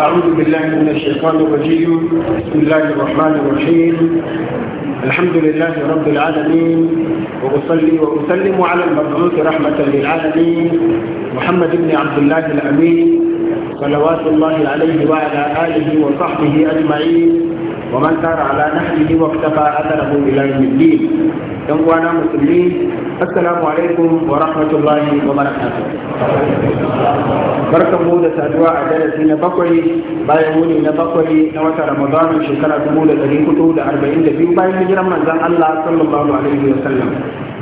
أعوذ بالله من الشيطان الرجيم بسم الله الرحمن الرحيم الحمد لله رب العالمين وأصلي وأسلم على المبعوث رحمة للعالمين محمد بن عبد الله الأمين صلوات الله عليه وعلى آله وصحبه أجمعين ومن سار على نحله واقتفى أثره إلى يوم الدين dan uwana musulmi assalamu alaikum wa rahmatullahi wa barakatuh barkan mu da saduwa a darasi na bakwai bayan wuni na bakwai na wata ramadan shekara 1442 bayan hijiran manzon Allah sallallahu alaihi wa sallam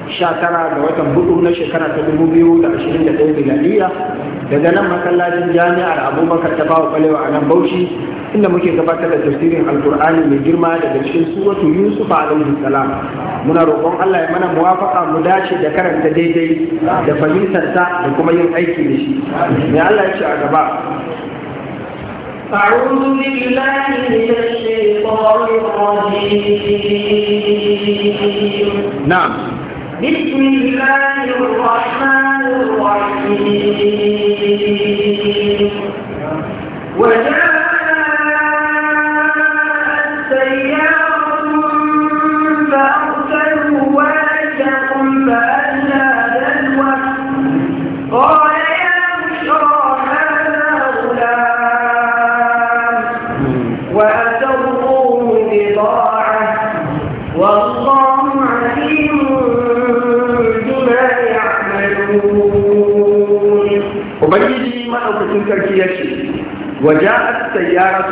19 ga watan hudu na shekara ta 2021 miladiya daga nan masallacin jami'ar abubakar ta bawa kwalewa a nan bauchi inda muke gabatar da tafsirin alkur'ani mai girma daga cikin suratu yusuf alaihi salam muna roƙon allah ya mana muwafaka mu dace da karanta daidai da fahimtar ta da kuma yin aiki da shi mai allah ya ce a gaba أعوذ بالله من الشيطان الرجيم نعم Meet me Well, yeah. يشي وجاءت سيارة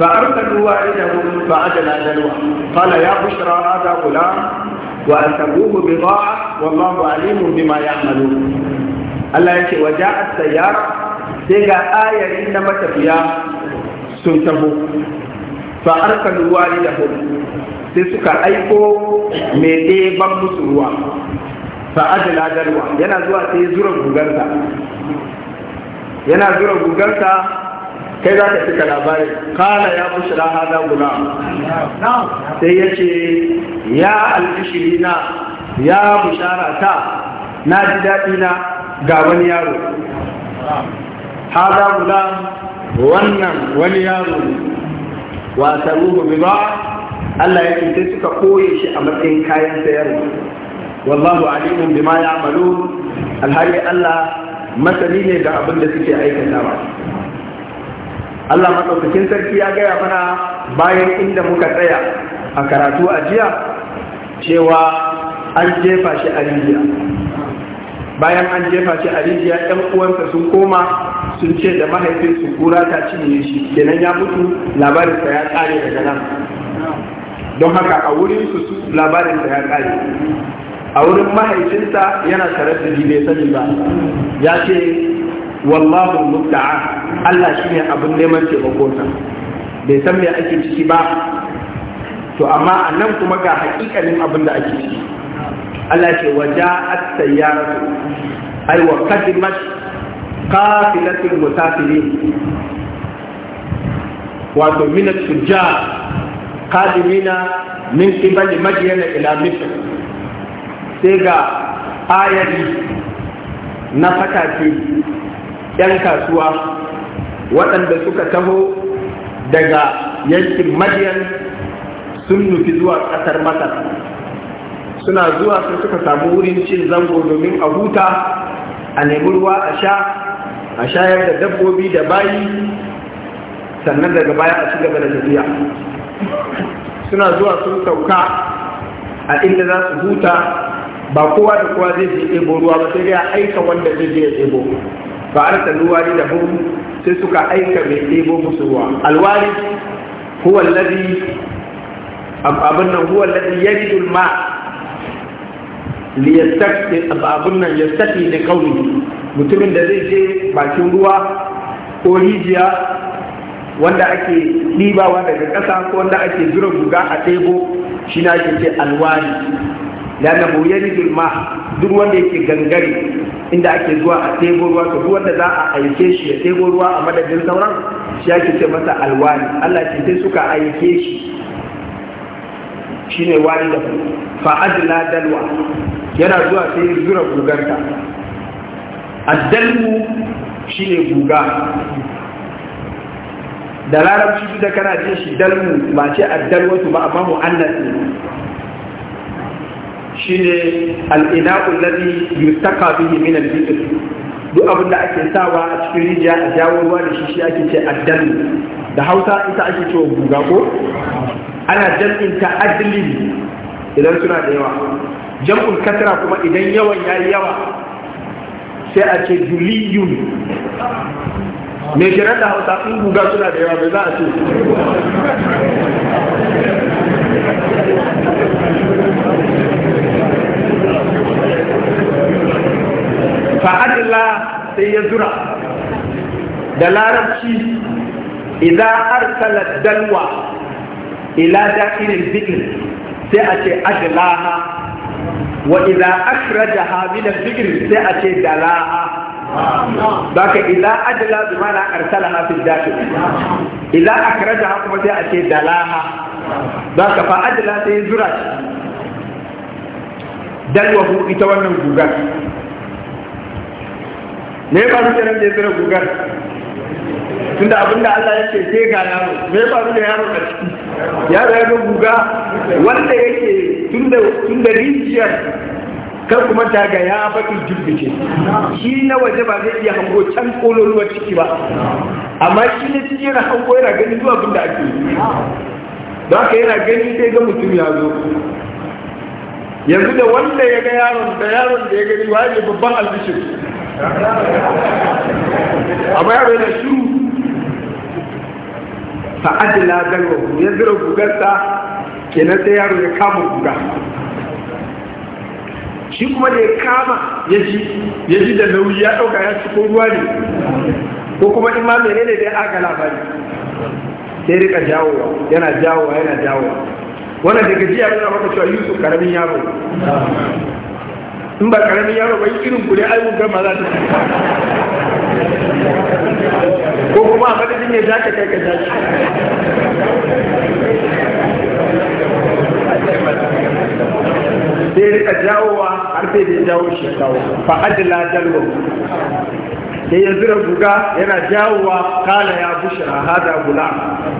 فأرسلوا والدهم فعجل أجلها قال يا بشرى هذا غلام وأسبوه بضاعة والله عليم بما يعملون الله يشي وجاءت سيارة تيجا آية إنما تبيا سنتبو فأرسلوا والدهم تسكى أيكو aiko mai ɗeban musu ruwa ينزوا تيزور dalwa yana zura gugarta kai za ka cika labari kala ya bushra hada gula sai ya ce ya albishiri na ya bushara ta na ji daɗi na ga wani yaro hada gula wannan wani yaro wa saruhu bi ba Allah ya ce suka koye shi a matsayin kayan sayarwa wallahu alimun bima malu alhari Allah masani ne ga abin da suke aikatawa Allah maɗaukakin sarki ya gaya mana bayan inda muka tsaya a karatu a jiya cewa an jefa shi a rijiya bayan an jefa shi a rijiya ɗan uwansa sun koma sun ce da mahaifinsu kura ta cinye shi kenan ya mutu labarinsa ya ƙare daga nan don haka a wurin su labarinsa ya ƙare a wurin mahaifinsa yana tare da bai sani ba ya ce wallahu muta'a Allah shi ne abin neman taimakonsa bai san me ake ciki ba to amma a nan kuma ga hakikanin abin da ake ciki Allah ce waja at-sayyaratu ay wa qadimat qafilatul musafirin wato min at-tujjar qadimina min qibali madyana ila misr sai ga ayari na fatafi 'yan kasuwa waɗanda suka taho daga yankin madiyan sun nufi zuwa ƙasar masar suna zuwa sun suka samu wurin cin zango domin a huta a nemi ruwa a sha a shayar da dabbobi da bayi sannan daga baya a ci da tafiya suna zuwa sun sauka a inda za su huta ba kowa da kowa zai je ebo ruwa ba sai ya aika wanda zai je ebo ɗebo ba arsalu wari da hum sai suka aika mai ebo musu ruwa alwari huwa alladhi abin nan huwa alladhi ya alma li yastaqi abin nan yastaqi da kauni, mutumin da zai je bakin ruwa ko rijiya wanda ake ɗibawa daga ƙasa ko wanda ake zura guga a tebo shi na ake ce alwari lanahu yaridul ma duk wanda yake gangare inda ake zuwa a tebo ruwa to duk wanda za a aike shi ya tebo ruwa a madadin sauran shi ake ce masa alwani Allah ce sai suka aike shi shine wani da fa adla dalwa yana zuwa sai zura gugarta addalmu shine guga da larabci da kana jin shi dalmu ba ce addalwatu ba amma mu'annas ne shi ne al’ina’un lafi yustaqa bihi min al-bi'r duk abin da ake sawa a cikin rijiya a jawo ruwa da shi shi ake ce addal da hausa ita ake cewa guga ko ana jam'in ta adlin idan suna da yawa jam'ul kasra kuma idan yawan yayi yawa sai a ce juliyun me shirar da hausa in guga suna da yawa me za a ce fa'adila sai ya zura da larabci idan arsala dalwa ila da'irin zikir sai a ce adlaha wa idan akhraja ha min zikir sai a ce dalaha ka idan adala bi mana arsalaha fi dakhil idan da kuma sai a ce dalaha baka fa adala sai ya zura dalwahu ita wannan gugar me ba su kenan da ya zira gugar tunda abin da Allah ya ce sai ga yaro me ba su da yaro da ciki yaro ya ga guga wanda yake tunda da rijiyar kar kuma ta ga ya baki jirgice shi na waje ba zai iya hango can kololuwar ciki ba amma shi ne ciki yana hango yana ganin zuwa abin da ake yi don haka yana gani sai ga mutum ya zo yanzu da wanda ya ga yaron da yaron da ya gani waye ne babban albishir amma yaro yana shiru fa adila galwa ya zira gugarsa kenan sai yaro ya kama guga shi kuma da ya kama ya ji ya ji da nauyi ya ɗauka ya cikin ruwa ne ko kuma in ma menene da ya aka labari sai rika jawowa yana jawowa yana jawowa wanda daga jiya yana maka cewa yusuf karamin yaro in ba karamin yaro ba irin ku ne gama za ta ko kuma a madadin za ta kai ka zaki sai rika jawowa har sai da ya jawo shi kawo fa adla dalwa sai ya zira guga yana jawowa kala ya bushra hada gula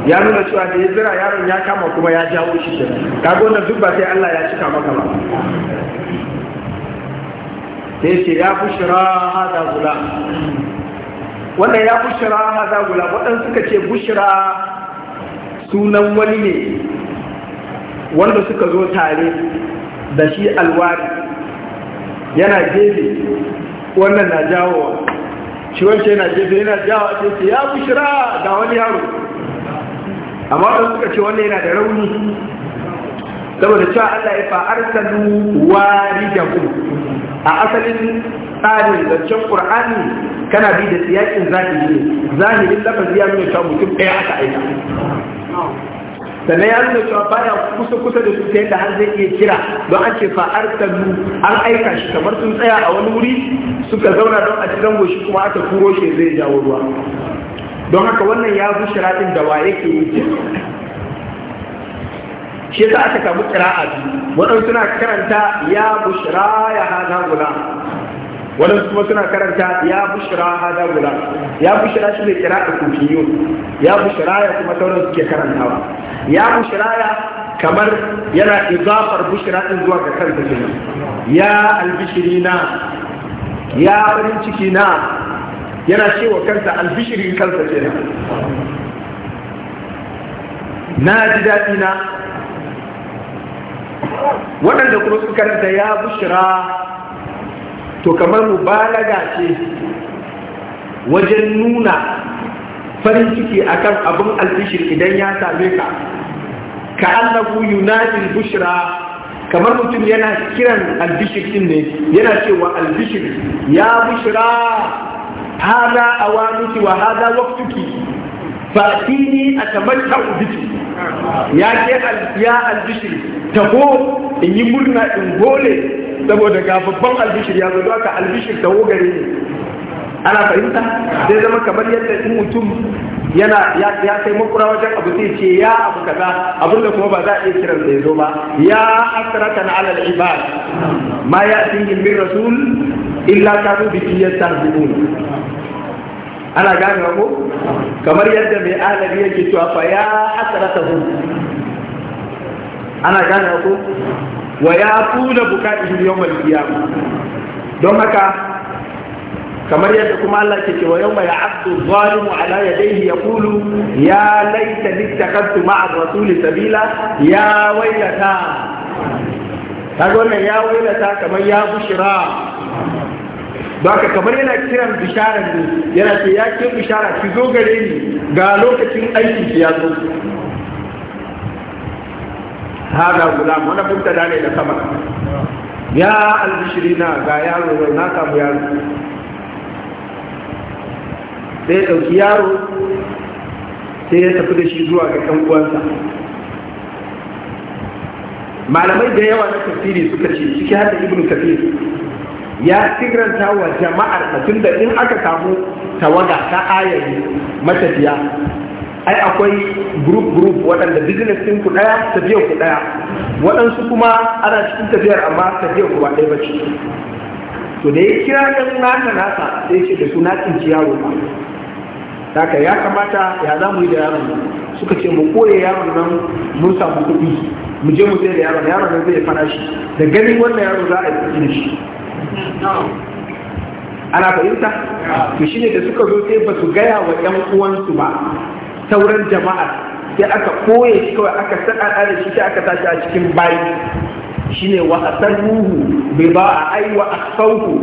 ya nuna cewa da ya zira yaron ya kama kuma ya jawo shi ke kaga wannan duk ba sai Allah ya cika maka ba sai ce ya bushra hada gula wannan ya bushra hada gula waɗansu suka ce bushira sunan wani ne wanda suka zo tare da shi alwari yana gefe wannan na jawo shi wancan yana jefe yana jawa ce ce ya shira ga wani yaro amma da suka ce wannan yana da rauni saboda cewa Allah ya da waridakum a asalin tsarin zancen Kur'ani, kana bi da siyakin zahiri zahirin lafazi ya nuna cewa mutum ɗaya aka aika sannan ya nuna cewa baya kusa kusa da su ta yadda har zai iya kira don an ce fa arsalu an aika shi kamar sun tsaya a wani wuri suka zauna don a cikin goshi kuma aka kuro shi zai jawo ruwa don haka wannan ya bi shiratin da wa yake yi shi yasa aka samu kira'a biyu waɗansu na karanta ya bushira ya hana guda wadansu kuma suna karanta ya bushra hada gulam ya bushra shi ne kira da kufiyun ya bushra ya kuma sauran suke karantawa ya bushra ya kamar yana izafar bushra din zuwa ga kansa kenan ya albishirina ya farin ciki na yana cewa kansa albishirin kansa kenan na ji daɗi na waɗanda kuma suka karanta ya bushra to kamar mubalaga ce wajen nuna farin ciki akan abin albishir idan ya same ka ka annabu yunadil bushra kamar mutum yana kiran albishir din ne yana cewa albishir ya bushra hada awanuki wa hada waqtuki fatini atamatta'u biki ya ke ya albishir taho in yi murna in gole saboda ga babban albishir ya zo aka albishir da wogare ne ana fahimta zai zama kamar yadda in mutum yana ya kai makura wajen abu sai ce ya abu kaza abin da kuma ba za a iya kiran da ya zo ba ya hasratan ala al-ibad ma ya'tihim min rasul illa bi bihi yastahzi'un ana gane ko kamar yadda mai alabi yake cewa fa ya hasratahu ana gane ko wa ya tula bukatihim yawmal qiyamah don haka kamar yadda kuma Allah ke cewa yau mai abdu zalimu ala ya yaqulu ya ya laita nittakhadtu ma'a rasuli sabila ya waylata Ta wannan ya waylata kamar ya bushira baka kamar yana kiran bishara ne yana ce ya ke bishara ki zo gare ni ga lokacin aiki ya zo hada gulam wani mubtada ne da khabar ya na ga yaro na samu yaro sai ɗauki yaro sai ya tafi da shi zuwa ga ɗan uwansa malamai da yawa na tafsiri suka ce ciki hada ibn kafir ya sigranta wa jama'ar tun da in aka samu tawaga ta ayari matafiya ai akwai group group waɗanda business ɗin ku ɗaya tafiyar ku ɗaya waɗansu kuma ana cikin tafiyar amma tafiyar ku ba ɗaya ba ce to da ya kira ɗan nasa nasa sai ce da su na tsinci yaro ba haka ya kamata ya za mu yi da yaron suka ce mu koye yaron nan mun samu kuɗi mu je mu sai da yaron yaron nan zai fara shi da ganin wannan yaro za a yi da shi ana fahimta to shine da suka zo sai ba su gaya wa 'yan uwansu ba sauran jama'a sai aka koye shi kawai aka sanar da shi sai aka tashi a cikin bayi shine wa asarruhu bida'a ay wa asfawhu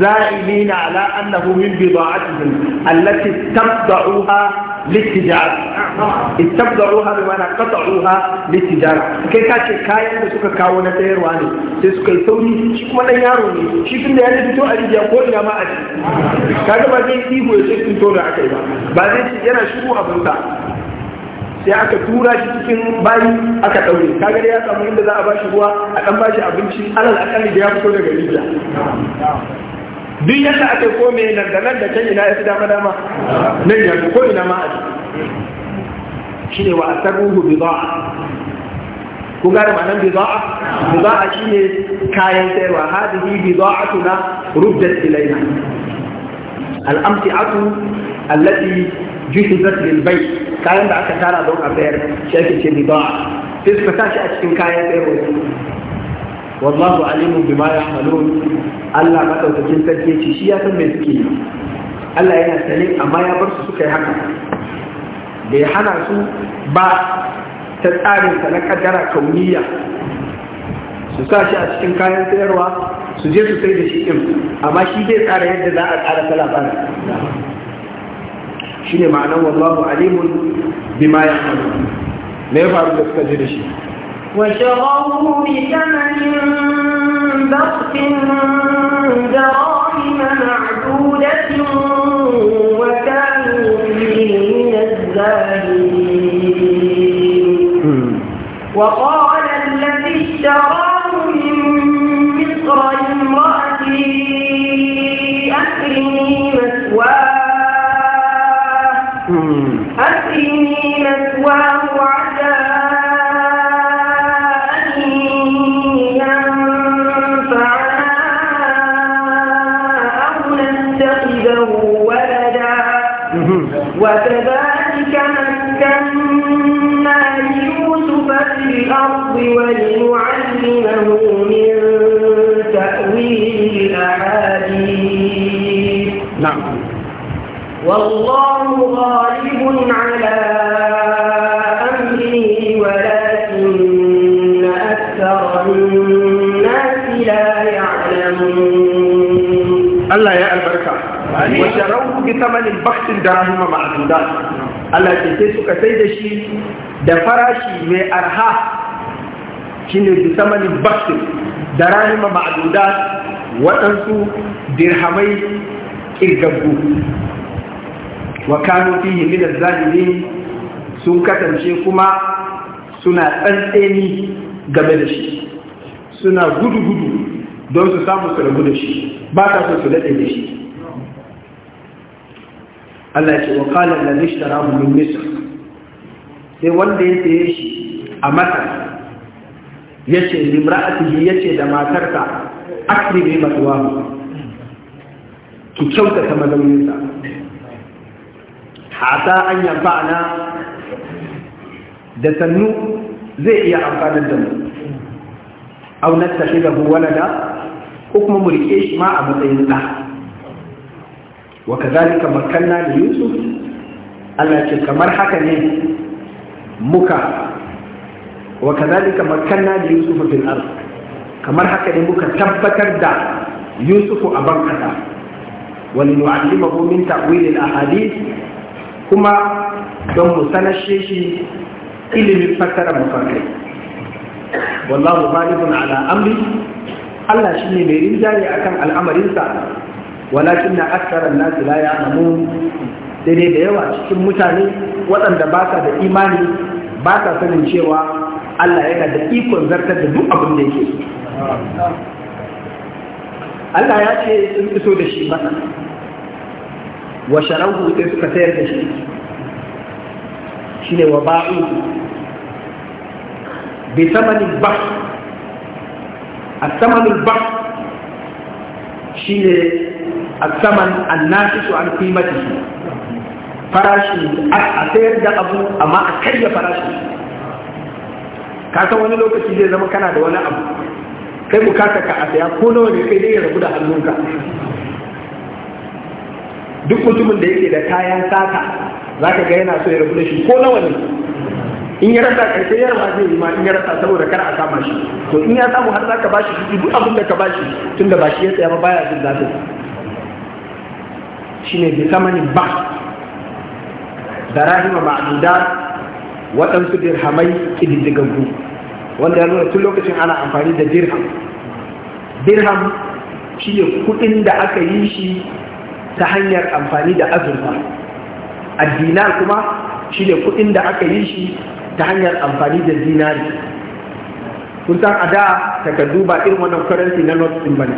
za'ilina ala annahu min bida'atihim allati tabda'uha littijara istabda'uha bi ma'ana qata'uha littijara kai ka ce kayan da suka kawo na sayarwa ne sai suka yi sauri shi kuma ɗan yaro ne shi tunda ya fito a rijiya ko ina ma a ci kaga ba zai ihu ya ce tun da aka yi ba ba zai ci yana shiru a sa sai aka tura shi cikin bayi aka ɗaure kaga dai ya samu inda za a shi ruwa a ɗan bashi abinci alal akalli da ya fito daga rijiya duk yadda aka kome nan da nan da can ina ya fi dama dama nan ya ko ina ma a shi ne wa asarruhu bida'a kun gane ma'anar bida'a shi shine kayan sayarwa hadihi bida'atuna ruddat ilaina al-amti'atu allati juhizat lil bayt kayan da aka tara don a bayar shi ake ce riba sai suka tashi a cikin kayan sayarwa wallahu alimun bima yahmalun Allah madaukakin sarki ce shi ya san me suke yi Allah yana sane amma ya bar su suka yi haka da hana su ba ta sa na kaddara kauniya su sa shi a cikin kayan sayarwa su je su sai da shi ɗin amma shi zai tsara yadda za a tsara ta labarin shi ne ma'anar wallahu alimun bima ya hannu me ya faru da suka je da shi وشروه وقال الذي اشتراه الحق ولنعلمه من تأويل الأحاديث نعم والله غالب على أمره ولكن أكثر الناس لا يعلمون الله يا البركة وشروه بثمن البخت الدراهم معدودات Allah ce sai suka sai da shi da farashi mai arha shine bi samanin bakti da rahima ma'aduda waɗansu dirhamai ƙirgaggu wa kanu fihi min az-zalimin sun kasance kuma suna tsantseni game da shi suna gudu-gudu don su samu su rabu da shi ba ta so su daɗe da shi Allah ce wa qala allazi ishtarahu min misr sai wanda ya saye shi a matar yace limra'atihi yace da matarsa akrimi matwahu ki kyautata mazauninsa hata an yamfa'ana da sannu zai iya amfanar da mu au nattakhidahu walada ko kuma mu rike shi ma a matsayin da wa kazalika makanna li yusuf Allah ce kamar haka ne muka wa kazalika makanna da yusuf fil ard kamar haka ne muka tabbatar da yusuf a ban kasa wa linu'allimahu min ta'wil ahadith kuma don mu sanashe shi ilimin fassara mafarkai wallahu ghalibun ala amri Allah shine mai rinjaye akan al'amarinsa walakin na aksarar nasu la ya'lamun da yawa cikin mutane waɗanda ba sa da imani ba sa sanin cewa Allah yana da ikon zartar da duk abin da yake Allah ya ce sun iso da shi masa wa sharahu sai suka sayar da shi shine wa ba'u bi ba. A samanin ba shine a saman الثمن الناتج عن قيمته farashin a sayar da abu amma a karya farashin ka san wani lokaci zai zama kana da wani abu kai kasa ka a saya ko nawa ne kai dai ya rabu da hannunka duk mutumin da yake da kayan sata za ka ga yana so ya rabu da shi ko nawa ne in ya rasa karshe ya rasa zai yi ma in ya rasa saboda kar a kama shi to in ya samu har za ka bashi shi duk abin da ka bashi tun da bashi ya tsaya ba baya jin zafin shine bi samanin ba da rahima ma'adudat waɗansu dirhamai ƙididdigaggu wanda ya nuna tun lokacin ana amfani da dirham dirham shi ne kuɗin da aka yi shi ta hanyar amfani da azurfa addina kuma shi ne kuɗin da aka yi shi ta hanyar amfani da zinari kun san a da takardu ba irin wannan currency na north ba ne.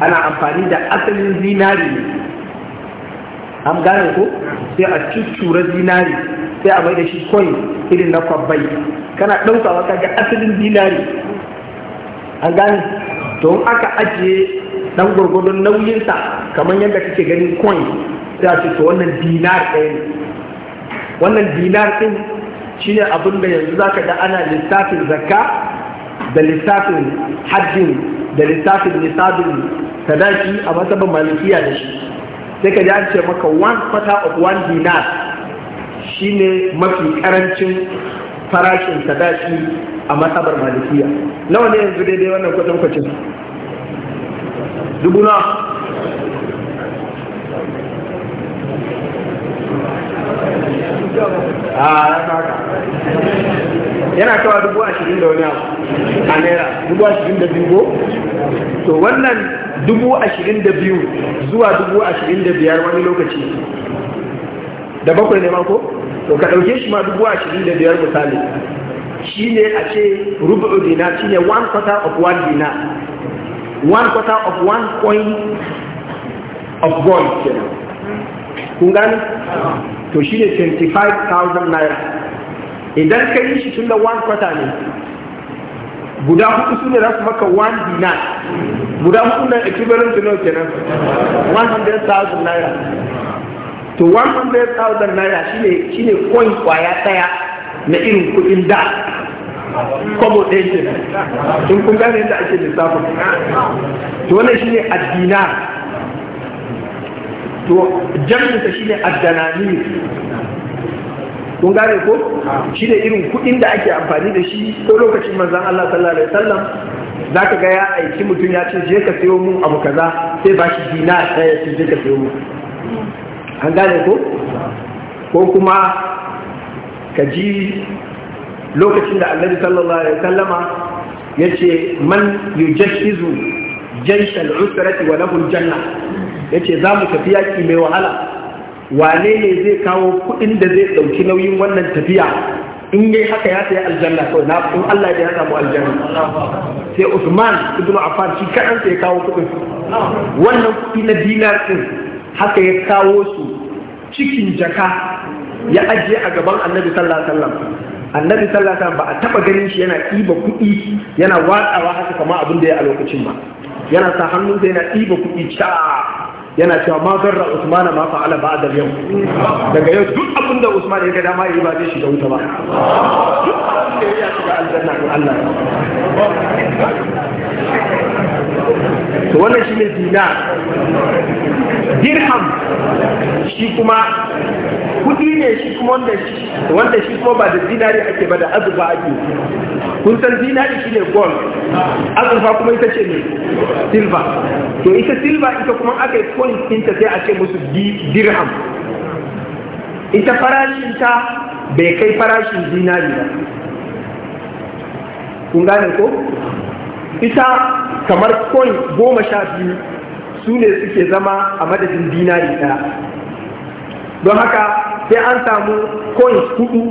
ana amfani da asalin zinari ne an gane ko sai a cuccura zinari sai a mai da shi coin irin na kwabbai kana ɗaukawa ka ga asalin dinari an gane to aka ajiye dan gwargwadon nauyinsa kamar yadda kake ganin coin sai a ce wannan dinar ɗaya ne wannan dinar ɗin shine abin da yanzu zaka ga ana lissafin zakka da lissafin hajjin da lissafin nisabin sadaki a masaban malikiya da shi sai ka ji ce maka one quarter of one dinar shine mafi karancin farashin sadaki a matsabar malikiya nawa ne yanzu daidai wannan kwacin dubu na a ah, yana kawa dubu ashirin da wani abu a naira dubu ashirin da biyu to wannan dubu ashirin da biyu zuwa dubu ashirin da biyar wani lokaci da bakwai ne mako to ka ɗauke shi ma dubu ashirin da biyar misali shi ne a ce rubu'u dina shi ne one quarter of one dina one quarter of one coin of gold kenan kun gani ah. to shi ne 25,000 naira idan ka yi shi tun da one quarter ne guda hudu su ne za su maka one dinar guda hudu na equivalent to One hundred thousand naira to thousand naira shine ne coin kwaya daya na irin kudin da kwabo ɗaya ke in kun gane yadda ake lissafin to wannan shine addina to jami'in ta shine addanani kun gane ko shi da irin kuɗin da ake amfani da shi ko lokacin manzon Allah sallallahu alaihi wasallam za ka ga ya aiki mutum ya ce je ka sayo mun abu kaza sai ba shi dina sai ya ce je ka sayo mun an gane ko ko kuma ka ji lokacin da annabi sallallahu alaihi wasallama ya ce man yujashizu jaysal usrati wa lahu aljanna yace za mu tafi yaki mai wahala wane ne zai kawo kuɗin da zai ɗauki nauyin wannan tafiya in yi haka ya sayi aljanna kawai na in Allah ya samu aljanna sai Usman ibn Affan shi kaɗan sai ya kawo kuɗin wannan kuɗi na dinar ɗin haka ya kawo su cikin jaka ya ajiye a gaban Annabi sallallahu alaihi wasallam Annabi sallallahu alaihi wasallam ba a taba ganin shi yana ɗiba kuɗi yana watsawa haka kamar abin da ya a lokacin ba yana sa hannun sai yana ɗiba kuɗi ta. yana cewa ma garra usmana ma fa'ala ba'da yau daga yau duk abin da usman ya ga dama yi ba zai shiga wuta ba duk abin da ya shiga aljanna ko Allah to wannan shine dinar dirham shi kuma kudi ne shi kuma wanda shi kuma ba da zinari ake ba da azurfa ake kun san zinari shi ne gold azurfa kuma ita ce ne silva to ita silva ita kuma aka yi coin ɗinta sai a ce musu dirham ita farashinta bai kai farashin zinari ba kun gane ko ita kamar coin goma sha biyu su ne suke zama a madadin dinari ɗaya don haka sai an samu coins hudu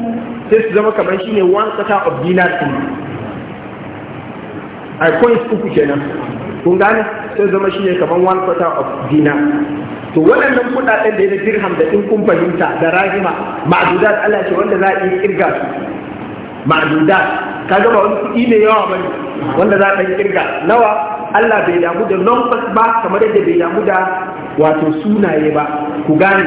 sai su zama kamar shi ne one quarter of dinar ɗin a coins uku kenan kun gane sai zama shi ne kamar one quarter of dinar to waɗannan kuɗaɗen da ya dirham da ɗin kun fahimta da rahima ma'adudat Allah ce wanda za a iya kirga su ma'adudat ka gaba wani kuɗi ne yawa bane wanda za a ɗan kirga nawa Allah bai damu da lompas ba kamar yadda bai damu da wato sunaye ba ku gane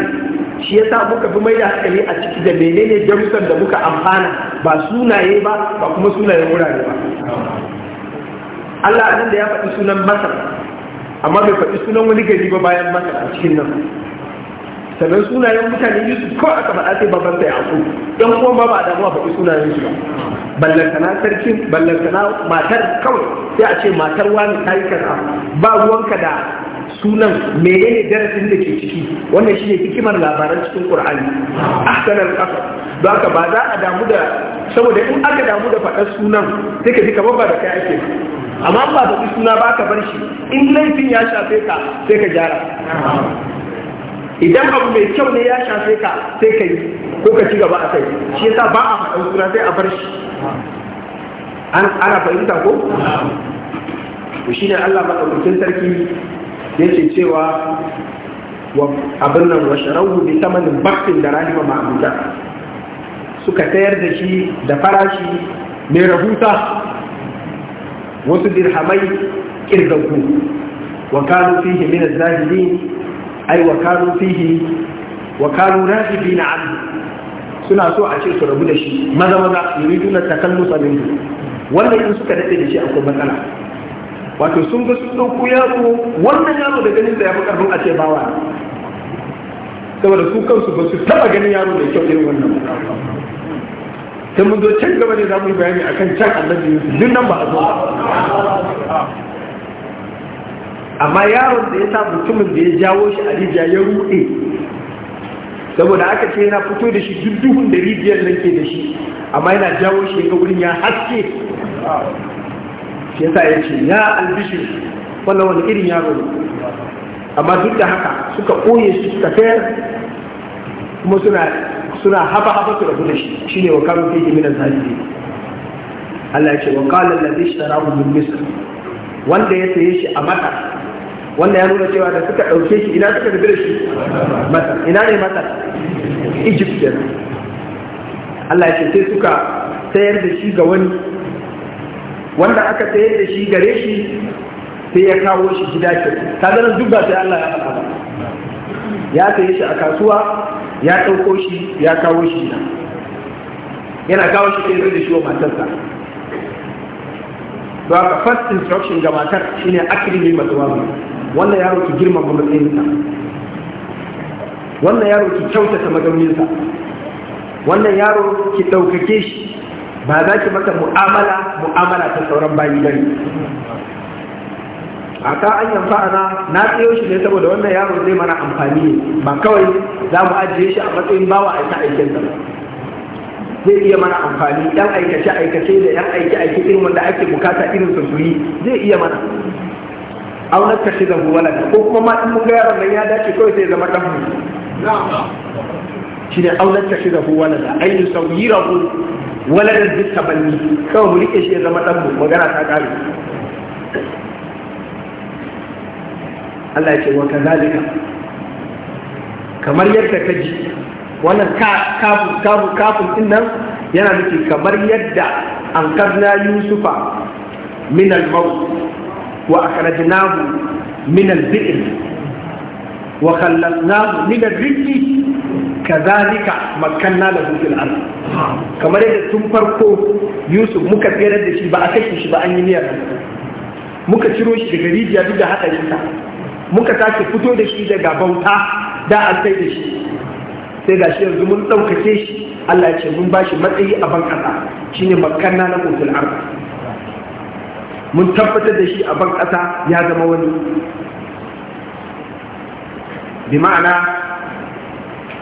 shi yasa muka fi mai da hankali a ciki da menene jamusan da muka amfana ba sunaye ba ba kuma sunayen wurare ba Allah abin da ya faɗi sunan Masar amma bai faɗi sunan wani gari ba bayan Masar a cikin nan sannan sunayen mutane yusuf ko aka faɗa sai babban sai su don kuma ba ba damuwa faɗi sunayen su ballantana sarki ballantana matar kawai sai a ce matar wani ta yi kaza ba ruwanka da sunan menene darasin da ke ciki wannan shi ne hikimar labaran cikin qur'ani ahsanal qasas don haka ba za a damu da saboda in aka damu da faɗar sunan sai ka ji kamar ba da kai ake amma ba da suna ba ka bar shi in laifin ya shafe ka sai ka gyara idan abu mai kyau ne ya shafe ka sai kai, ko ka ci gaba a kai shi yasa ba a faɗa suna sai a bar shi ana fahimta ko to shi ne Allah maɗaukakin sarki yake cewa abin nan wa sharawu bi samanin bakin da rahima ma'amuta suka tayar da shi da farashi mai rahuta wasu dirhamai kirgaku wa kanu fihi min az-zahidin ai wa kanu fihi wa kanu rafidina suna so a ce su rabu da shi maza maza yuridu na takallusa min wannan in suka dade da shi akwai matsala wato sun ga sun ɗauko yaro wannan yaro da ganin da ya fi ƙarfin a ce bawa saboda su kansu ba su taba ganin yaro da kyau irin wannan sai mun zo can gaba ne za mu yi bayani akan can annabi yusuf duk nan ba a zo ba amma yaron da ya sa mutumin da ya jawo shi a rijiya ya ruɗe saboda aka ce yana fito da shi duk duhun da rijiyar nan ke da shi amma yana jawo shi ga wurin ya haske shi yasa ya ce ya albishir wanda wani irin yaro ne amma duk da haka suka ɓoye su suka fayar kuma suna suna haba haba su rabu da shi shine wa karo fi jiminan sajidi Allah ya ce wa qala allazi ishtarahu min misr wanda ya saye shi a mata wannan ya nuna cewa da suka ɗauke shi ina suka tafi da shi ina ne masa egypt Allah ya ce sai suka sayar da shi ga wani wanda aka sayar da shi gare shi sai ya kawo shi gida ce ta zanen duk ba sai Allah ya faɗa ba ya saye shi a kasuwa ya ɗauko shi ya kawo shi gida yana kawo shi sai da shi wa matarsa to haka first instruction ga matar shine mai matuwa mai wannan yaro ki girmama matsayinsa wannan yaro ki kyautata mazauninsa wannan yaro ki ɗaukake shi ba za ki masa mu'amala mu'amala ta sauran bayi bane a ka an yamfa ana na tsayo shi ne saboda wannan yaro zai mana amfani ne ba kawai za mu ajiye shi a matsayin bawa a ta aikin sa zai iya mana amfani yan aikace aikace da yan aiki aiki irin wanda ake bukata irin su zai iya mana aw nattakhidahu walada ko kuma ma in mun ga yaron nan ya dace kawai sai zama dan mu shine aw nattakhidahu walada ay da waladan bitabanni kawai mu rike shi ya zama dan mu magana ta kare Allah ya ce wa kazalika kamar yadda ka ji wannan kafin kafin kafin din nan yana nufi kamar yadda an karna yusufa min al-maut Wa ƙanadi na mu minan biɗin? Wa ƙanadi na mu minan rijist? Ka za ni ka Kamar yadda tun farko Yusuf muka zera da shi ba a kashe shi ba an yi niyyar da ta. Muka ciro shi daga rijiyatu da haɗa Muka sake fito da shi daga bauta da an sai da shi. Sai ga shi yanzu mun ɗaukace shi. Allah ce mun bashi matsayi a banƙasa. shine ne maƙanna na ƙofin mun tabbatar da shi a ban ƙasa ya zama wani bi ma'ana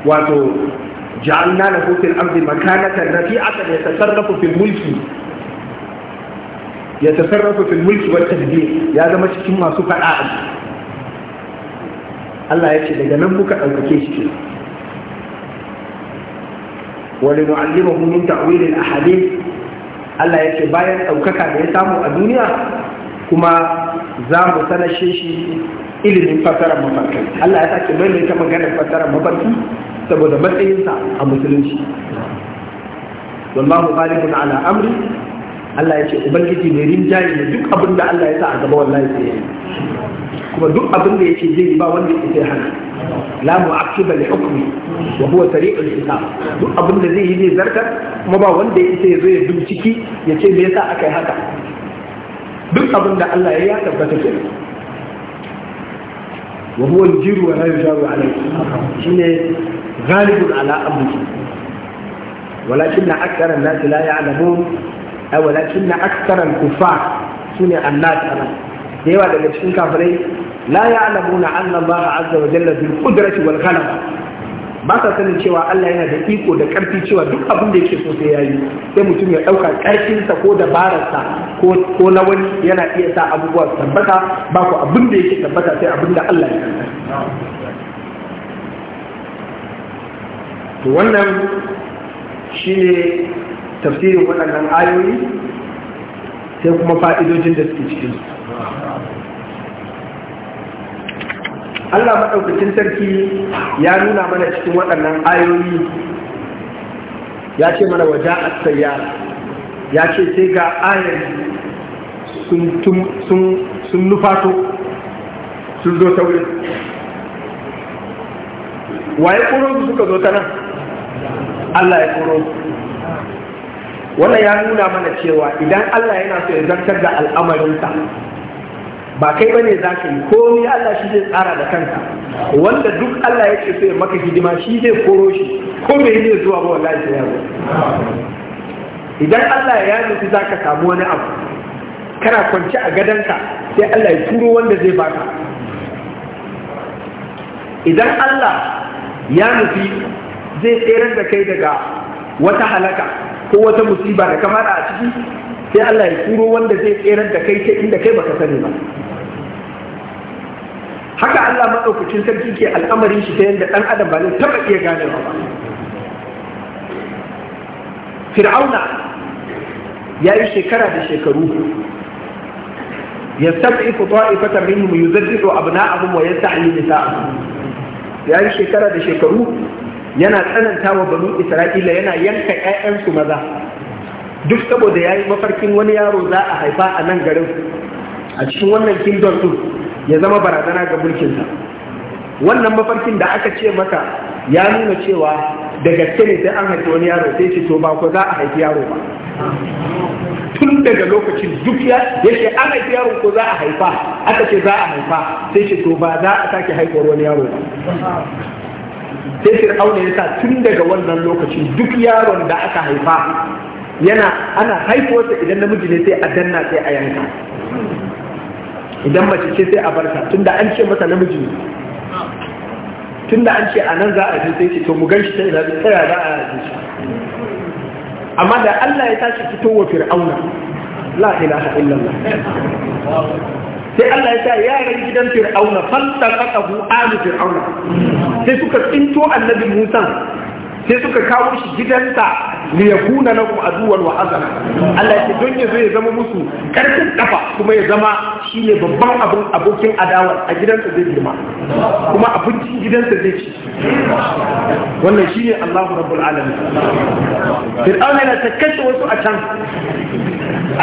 wato ja'alna lahu fil ardi makanatan rafi'atan yatasarrafu fil mulki yatasarrafu fil mulki wat tadbir ya zama cikin masu fada Allah ya ce daga nan muka ɗaukake shi wani mu'allimahu min ta'wil Allah ya ce bayan ɗaukaka da ya samu a duniya kuma za mu sanashe shi ilimin fasarar mafarki Allah ya sake mai ta maganar fasarar mafarki saboda matsayinsa a musulunci wallahu ghalibun ala amri Allah ya ce ubangiji mai rinjaye da duk abin da Allah ya sa a gaba wallahi sai yayi kuma duk abin da yake zai ba wanda yake hana la mu'aqqiba li hukmi wa huwa sari'ul hisab duk abin zai yi zartar kuma ba wanda ya isa ya zo ya binciki ya ce me yasa aka yi haka duk abin da Allah ya ya tabbata ke wa huwa yujiru wa la yujaru alayhi shine ghalibun ala amrihi yawa daga cikin kafirai la ya anna Allah azza wa jalla bil qudrati wal ghalaba ba sa sanin cewa Allah yana da iko da karfi cewa duk abin da yake so sai yayi sai mutum ya ɗauka karfinsa ko dabararsa ko ko na wani yana iya sa abubuwa su tabbata ba ku abin da yake tabbata sai abin da Allah ya tabbata to wannan shine tafsirin waɗannan ayoyi sai kuma fa'idojin da suke cikin Allah maɗaukacin sarki ya nuna mana cikin waɗannan ayoyi ya ce mana waje a ya ce sai ga ayar sun nufato sun zo sauri waye koro su suka zo ta nan Allah ya koro wannan ya nuna mana cewa idan Allah yana so ya zartar da al'amarinsa ba kai bane za ka yi komi Allah shi zai tsara da kanka wanda duk Allah ya ce sai maka hidima shi zai koro shi ko me zai zuwa ba wallahi sai ya zo idan Allah ya yi za ka samu wani abu kana kwance a gadonka sai Allah ya turo wanda zai baka idan Allah ya nufi zai tseren da kai daga wata halaka ko wata musiba da ka a ciki sai Allah ya turo wanda zai tseren da kai ta inda kai baka sani ba haka Allah maɗaukacin sarki ke al'amarin shi ta yadda ɗan adam ba zai taɓa iya gane ba fir'auna ya yi shekara da shekaru mu طائفة منهم يذبح أبناءهم ويستحيي Ya yi shekara da shekaru yana tsananta wa banu isra'ila yana yanka 'ya'yansu maza duk saboda ya yi mafarkin wani yaro za a haifa a nan garin a cikin wannan kingdom din ya zama barazana ga mulkinsa wannan mafarkin da aka ce maka ya nuna cewa da gaske ne sai an haifi wani yaro sai ce to ba ko za a haifi yaro ba tun daga lokacin duk ya yake an haifi yaro ko za a haifa aka ce za a haifa sai ce to ba za a sake haifar wani yaro ba sai auna ya sa tun daga wannan lokacin duk yaron da aka haifa yana ana haifuwarsa idan namiji ne sai a danna sai a yanka idan mace ce sai a barka tunda an ce masa namiji ne tunda an ce a nan za a je sai ce to mu ganshi ta ina ta ya za a je shi amma da Allah ya tashi fito wa fir'auna la ilaha illallah sai Allah ya sa yaran gidan fir'auna falsafaqahu alu fir'auna sai suka tsinto annabi Musa sai suka kawo shi gidansa ya li na lakum aduwan wa azana Allah ya don ya zo ya zama musu karfin kafa kuma ya zama shi ne babban abin abokin adawa a gidansa zai girma kuma abincin gidansa zai ci wannan shine Allah rabbul alamin Fir'auna yana ta kashe wasu a can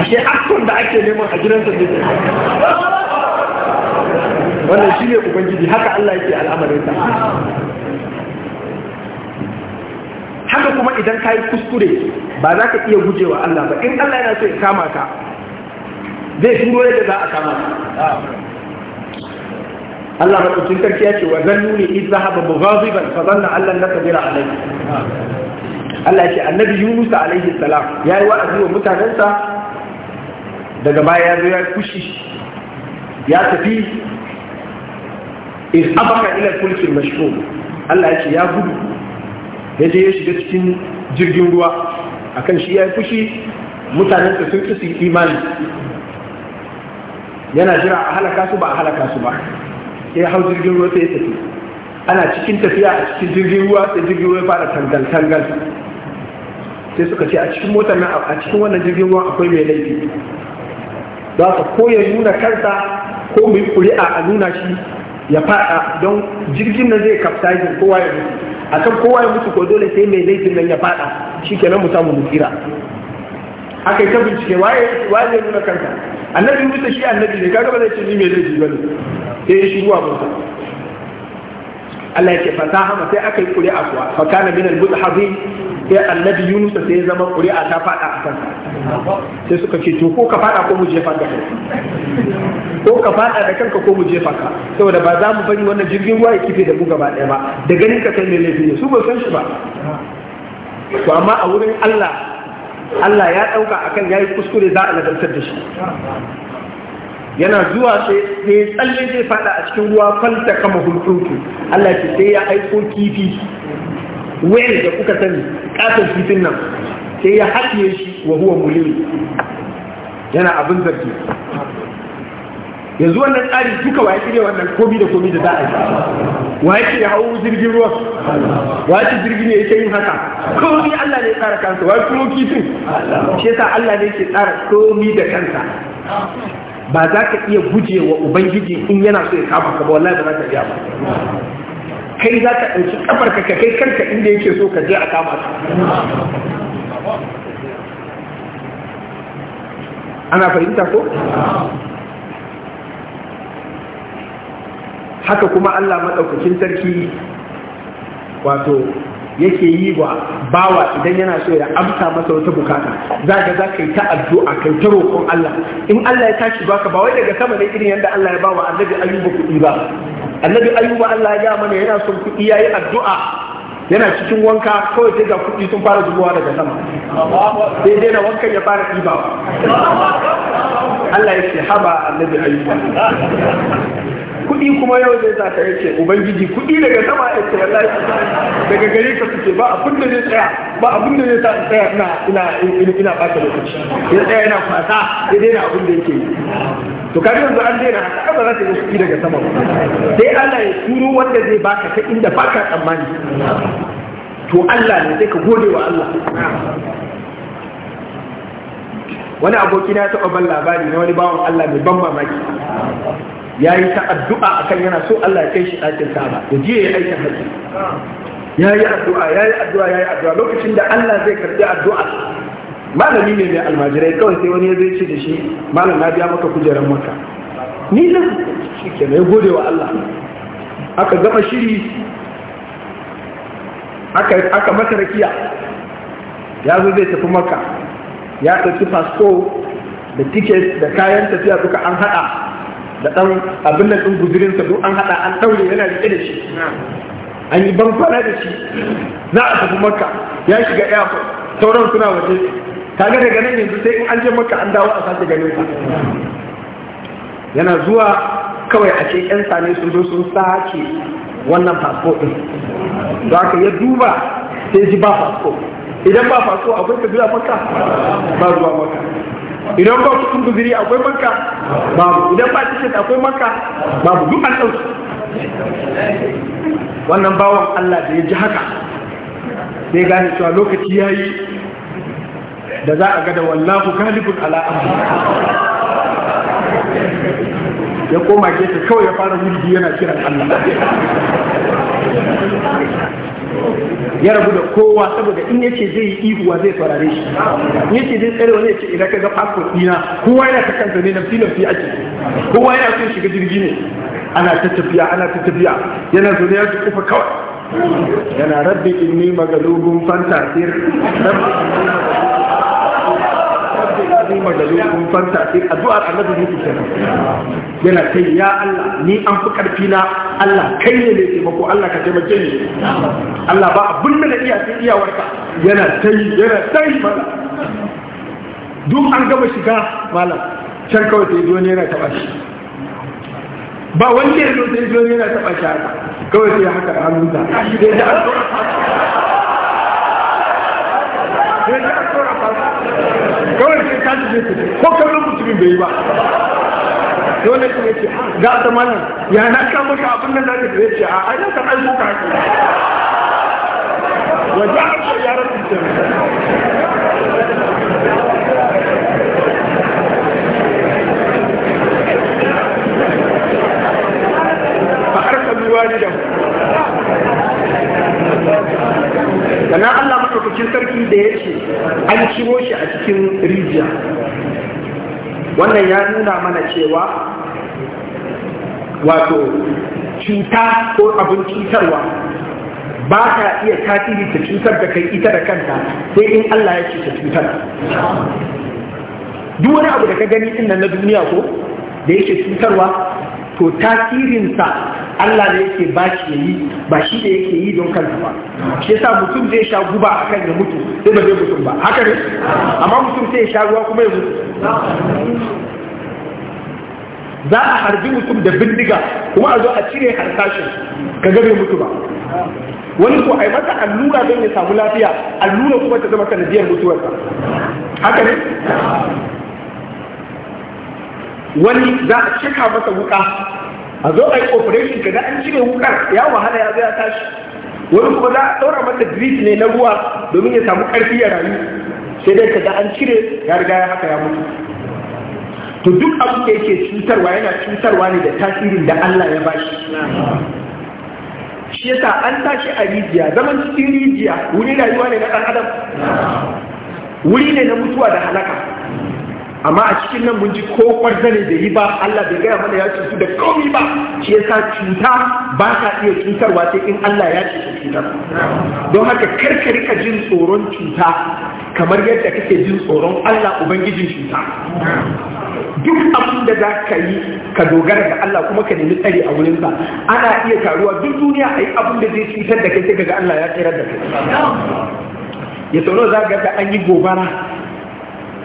ashe hakkin da ake neman a gidansa zai wannan shi shine ubangiji haka Allah yake al'amarin sa haka kuma idan ka yi kuskure ba za ka iya gujewa Allah ba in Allah yana so ya kama ka zai turo yadda za a kama ka Allah madaukin sarki ya ce wa zannu ne ba haba mughaziban fa zanna Allah la kadira alayhi Allah ya ce annabi Yunus alaihi salam ya yi wa'azi wa mutanensa daga baya ya zo ya kushi ya tafi in abaka ila kulkin mashhur Allah ya ce ya gudu ya je ya shiga cikin jirgin ruwa akan shi ya yi fushi mutanen da sun kisi imani yana jira a halaka su ba a halaka su ba sai hau jirgin ruwa sai ya tafi ana cikin tafiya a cikin jirgin ruwa sai jirgin ruwa ya fara tangal tangal sai suka ce a cikin motar nan a cikin wannan jirgin ruwa akwai mai laifi za ka ko ya nuna karta ko mu yi ƙuri'a a nuna shi ya fada don jirgin nan zai capsize kowa ya mutu a kan kowa ya mutu ko dole sai mai laifin nan ya fada nan mu samu mutira aka yi ta bincike waye waye nuna kanka annabi musa shi annabi ne kaga ba zai ce ni mai laifi ne sai ya shiru a musa Allah ya ce fasaha sai aka yi kuri a kuwa fa kana min al-mudhhabin sai annabi Yunusa sai ya zama ƙuri'a ta faɗa a kansa sai suka ce to ko ka faɗa ko mu jefa ka ko ka faɗa da kanka ko mu jefa ka saboda ba za mu bari wannan jirgin ruwa ya kife da mu gaba ɗaya ba da ganin ka kai ne laifi ne su ba san shi ba to amma a wurin Allah Allah ya ɗauka akan yayi kuskure za a nagartar da shi yana zuwa sai ya tsalle zai faɗa a cikin ruwa fanta kama hulkutu Allah ce sai ya aiko kifi wayar da kuka sani katon kifin nan sai ya haɗiye shi wa huwa mulil yana abin zargi yanzu wannan tsari duka wa ya kire wannan komi da komi da za a yi wa ya ya hau jirgin ruwa wa ya jirgin ne yake yin haka komi Allah ne tsara kansa wa ya kuma kifin shi yasa Allah ne ke tsara komi da kansa ba za ka iya guje wa ubangiji in yana so ya kama ka ba wallahi ba za ka iya ba kai za ka ɗauki ƙafarka ka kai kanka inda yake so ka je a kama su ana fahimta ko haka kuma Allah maɗaukakin sarki wato yake yi wa bawa idan yana so ya amsa masa wata bukata za ga za ka yi ta addu'a kai ta roƙon Allah in Allah ya tashi baka ba wai daga sama ne irin yadda Allah ya ba wa annabi ayyuba kuɗi ba annabi ayyuba Allah ya mana yana son kuɗi yayi addu'a yana cikin wanka kawai sai ga kuɗi sun fara zubowa daga sama sai na wankan ya fara diba Allah ya ce haba annabi ayyuba kuɗi kuma yau zai za ka yake ubangiji kuɗi daga sama ya ce Allah daga gare ka suke ba abin da zai tsaya ba abin da zai sa tsaya ina ina ina ina ka lokaci ya tsaya yana kwasa ya na abin da yake yi to kaga yanzu an daina haka ba za ta yi shi daga sama sai Allah ya turo wanda zai baka ta inda baka tsammani to Allah ne sai ka gode wa Allah wani aboki na taɓa ban labari na wani bawan Allah mai ban mamaki ya yi ta addu'a akan yana so Allah ya kai shi ɗakin Ka'aba ya je ya aikin haji ya yi addu'a ya yi addu'a ya yi addu'a lokacin da Allah zai karɓi addu'a malami ne mai almajirai kawai sai wani ya zai ce da shi malam na biya maka kujerar maka ni nan shi ke mai gode wa Allah aka gama shiri aka masa rakiya ya zo zai tafi maka ya tafi fasko da tiket da kayan tafiya duka an hada da dan abin da sun guzurinsa duk an hada an daure yana riƙe da shi an yi bankwana da shi za a tafi maka ya shiga airport sauran suna waje kaga daga nan yanzu sai in an je maka an dawo a sake ganin sa yana zuwa kawai a ce yan sane sun zo sun sake wannan fasfo ɗin. da ka yi duba sai ji ba fasfo idan ba fasfo akwai ka zuwa maka ba zuwa maka idan ba sun guziri akwai maka babu idan ba tiket akwai maka babu duk an ɗauki wannan bawan Allah da ya ji haka sai gane cewa lokaci ya yi da za a ga da wallahu kalibun ala ya koma gefe kawai ya fara wurgi yana kiran Allah ya rabu da kowa saboda in yace zai yi ihuwa zai farare shi in yace zai tsare wani yace idan ga passport dina kowa yana ta kanta ne nafsi nafsi ake kowa yana son shiga jirgi ne ana ta tafiya ana ta tafiya yana zo ya kufa kawai yana rabbi inni magalubun fantasir rabbi inni magalubun Allahumma da lokacin fanta sai addu'ar annabi ne ke yana kai ya Allah ni an fi karfi na Allah kai ne mai taimako Allah ka taimake ni Allah ba abin da na iya sai iyawarka yana tai yana tai mala duk an gama shiga malam can kawai sai zo ne yana taba shi ba wanda ya zo sai zo ne yana taba shi haka kawai sai haka hannunsa sai da addu'a ta shige su ko kallon mutumin bai yi ba dole su ne ce ah, ga ta mana ya na ka maka abin da zaka ce ce ah, a ai na ka aiko ka ki wajen ya Da na Allah matsaukacin sarki da ya ce an ciwo shi a cikin rijiya wannan ya nuna mana cewa wato cuta ko abin cutarwa ba ta iya tasiri ta cutar da kai ita da kanta sai in Allah ya ce ta cutar duk wani abu da ka gani din na duniya ko da yake cutarwa to tasirinsa Allah da yake ba shi ya yi ba shi da yake yi don kansa ba shi yasa mutum zai sha guba akan ya mutu sai ba zai mutum ba haka ne amma mutum sai ya sha ruwa kuma ya mutu za a harbi mutum da bindiga kuma a zo a cire harsashin ka ga bai mutu ba wani ko a yi masa allura don ya samu lafiya allura kuma ta zama sanadiyar mutuwarsa haka ne wani za a cika masa wuka a zo a yi operation ka da an cire wukar ya wahala ya zai tashi wani kuma za a ɗaura mata grit ne na ruwa domin ya samu karfi ya rayu sai dai ka da an cire ya riga ya haka ya mutu to duk abin da yake cutarwa yana cutarwa ne da tasirin da Allah ya bashi shi yasa an tashi a rijiya zaman cikin rijiya wuri rayuwa ne na ɗan adam wuri ne na mutuwa da halaka amma a cikin nan mun ji ko ne da yi ba Allah bai gaya mana ya cutu da komi ba shi yasa cuta ba ka iya cutarwa sai in Allah ya ka cutar don haka karka rika jin tsoron cuta kamar yadda kake jin tsoron Allah ubangijin cuta duk abin da za ka yi ka dogara ga Allah kuma ka nemi tsari a wurinsa ana iya taruwa duk duniya a yi abin da zai cutar da kai sai kaga Allah ya tsirar da kai ya tsoro za ga an yi gobara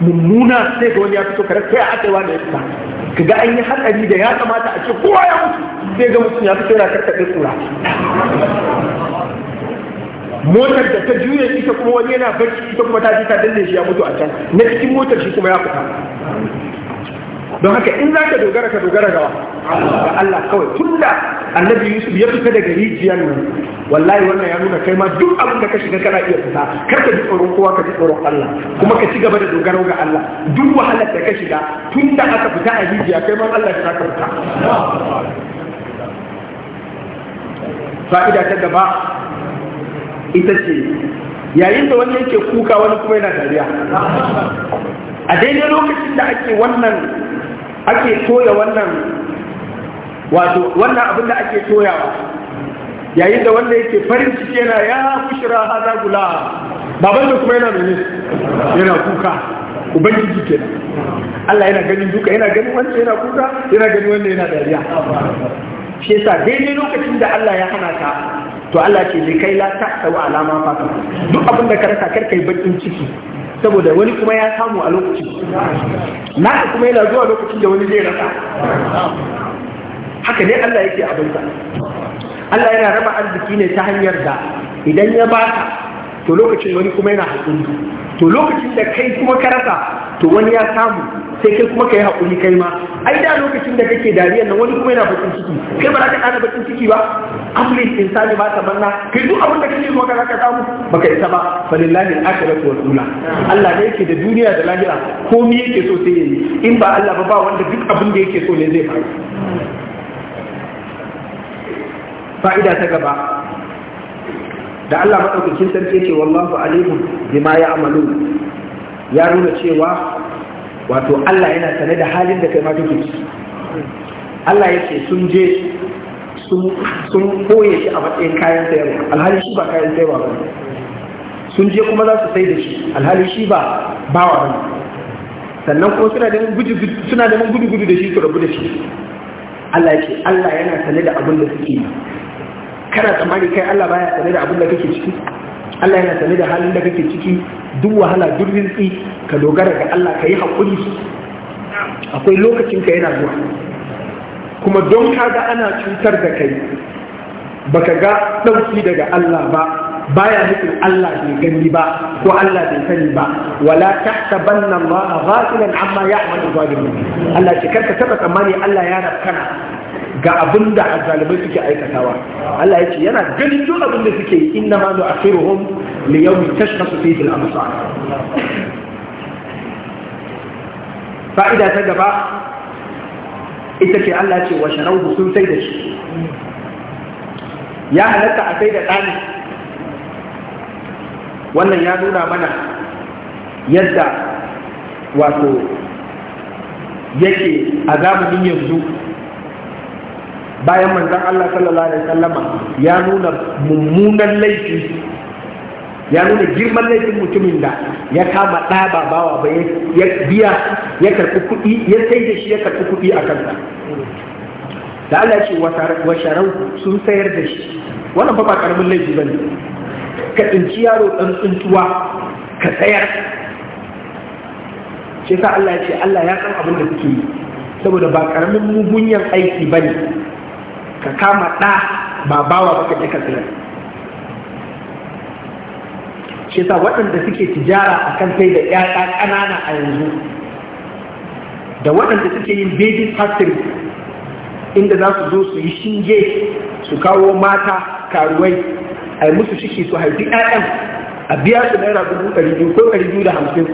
mummuna sai ga wani ya fito karar sai a akewa da ya fita ga an yi hatsari da ya kamata a ce kowa ya mutu sai ga mutum ya fito yana karkaɗe tsura motar da ta juya ita kuma wani yana barci ita kuma ta ji ta danne shi ya mutu a can na cikin motar shi kuma ya fita don haka in za ka dogara ka dogara ga wa Allah kawai tun da annabi Yusuf ya fita daga rijiyar nan wallahi wannan ya nuna kai ma duk abin da ka shiga kana iya fita kar ka ji tsoron kowa ka ji tsoron Allah kuma ka ci gaba da dogaro ga Allah duk wahalar da ka shiga tun da aka fita a rijiya kai ma Allah ya saka fita fa'ida ta gaba ita ce yayin da wannan yake kuka wani kuma yana dariya a daidai lokacin da ake wannan ake toya wannan wato wannan abin da ake toyawa yayin da wanda yake farin ciki yana ya kushira haza gula baban da kuma yana nuni yana kuka ubangiji ke Allah yana ganin duka yana ganin wanda yana kuka yana ganin wanda yana dariya shi yasa daidai lokacin da Allah ya hana ka to Allah ce likai kai la ta sau alama fa duk abin da ka rasa kar bakin ciki saboda wani kuma ya samu a lokaci na kuma yana zuwa lokacin da wani zai rasa haka ne Allah yake abinsa Allah yana raba arziki ne ta hanyar da idan ya baka to lokacin wani kuma yana haƙuri to lokacin da kai kuma ka to wani ya samu sai kai kuma kai haƙuri kai ma ai da lokacin da kake dariya nan wani kuma yana bakin ciki kai ba za ka ƙara bakin ciki ba aflin insani ba ta banna kai duk abin da kake magana ka ka samu baka isa ba falillahi al-akhiratu wal ula Allah ne yake da duniya da lahira komai yake so sai yayi in ba Allah ba ba wanda duk abin da yake so ne zai faru fa'ida ta gaba da Allah madaukakin sarki yake wallahu alimun bima ya'malu ya nuna cewa wato Allah yana sane da halin da kai ma kake ciki Allah yake sun je sun koye shi a matsayin kayan sayarwa alhali shi ba kayan sayarwa ba sun je kuma za su sai da shi alhali shi ba bawa ba sannan kuma suna da suna gudu gudu da shi su rabu da shi Allah yake Allah yana sane da abin da suke yi kana tsammani kai Allah baya sane da abin da kake ciki Allah yana sane da halin da kake ciki duk wahala duk rinsi ka dogara ga Allah ka yi haƙuri akwai lokacin ka yana zuwa kuma don ka ga ana cutar da kai baka ga ɗauki daga Allah ba baya nufin Allah bai gani ba ko Allah bai sani ba wala tahsabanna Allah ghafilan amma ya'malu zalimun Allah ce karka taba tsammani Allah ya rafkana ga abin da azzalibai suke aikatawa Allah ya ce yana ganin duk abin da suke yi inna ma nu'akhiruhum li yawmin tashkhasu fihi al-absar fa'ida ta gaba ita ce Allah ce wa sharau sun sai da shi ya halatta a sai da ɗani wannan ya nuna mana yadda wato yake a zamanin yanzu bayan manzon Allah sallallahu alaihi wasallama ya nuna mummunan laifi ya nuna girman laifin mutumin da ya kama ɗa ba bawa ba ya biya ya karɓi kuɗi ya sai da shi ya karɓi kuɗi a kansa da Allah ce wa sharau sun sayar da shi wannan ba ba karamin laifi ne? ka tsinci yaro ɗan tsintuwa ka sayar shi sa Allah ya ce Allah ya san abin da kuke yi saboda ba karamin mugunyan aiki ba ne. ka kama ɗa ba bawa ba ka ƙi ka sayar shi yasa waɗanda suke tijara a kan sai da ƴaƴa ƙanana a yanzu da waɗanda suke yin baby factory inda za su zo su yi shinge su kawo mata karuwai a yi musu shiki su haifi ƴaƴan a biya su naira dubu ɗari biyu ko ɗari biyu da hamsin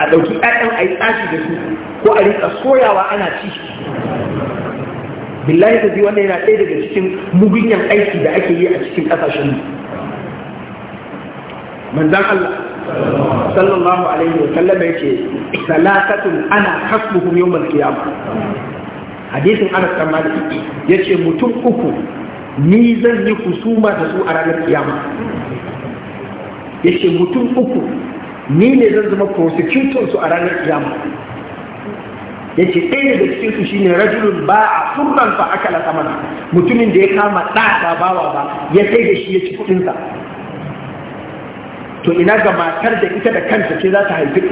a ɗauki ƴaƴan a yi tsashi da su ko a rika soyawa ana ci billahi ta wannan yana ɗaya daga cikin mugunyan aiki da ake yi a cikin ƙasashen manzan Allah sallallahu alaihi wa sallam ce, salatatun ana hasbuhum yawmal ana hadisin Anas bin Malik yace mutum uku ni zan yi kusuma da su a ranar kiyama yace mutum uku ni ne zan zama prosecutor su a ranar kiyama yace ɗaya da cikin su shine rajulun ba a furran fa akala samana mutumin da ya kama ɗa bawa ba ya sai da shi ya ci kuɗin sa to ina ga matar da ita da kanta ce za ta haifi ɗa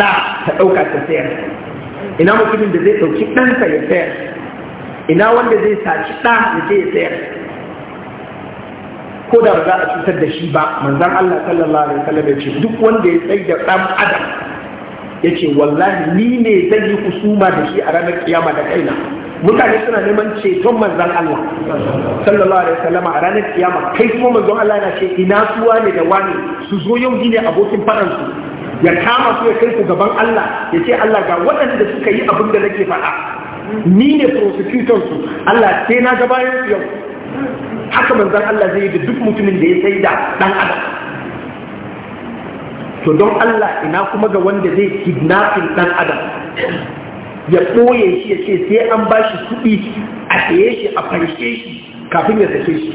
ta ɗauka ta sayar ina mutumin da zai ɗauki ɗansa ya sayar ina wanda zai saci ɗa ya je ya sayar ko da ba za a cutar da shi ba manzon Allah sallallahu alaihi wasallam ya ce duk wanda ya tsaye da ɗan adam yace wallahi ni ne zan yi kusuma da shi a ranar kiyama da kaina mutane suna neman ceton manzon Allah sallallahu alaihi wasallam a ranar kiyama kai kuma manzon Allah yana ce ina suwa ne da wani su zo yau ne abokin faɗan su ya kama su ya kai su gaban Allah ya ce Allah ga waɗanda suka yi abin da nake faɗa ni ne prosecutor su Allah sai na ga bayan su yau haka manzon Allah zai yi da duk mutumin da ya sai da dan adam to don Allah ina kuma ga wanda zai kidnapping dan adam ya ɓoye shi ya ce sai an ba shi kuɗi a saye shi a farshe shi kafin ya sake shi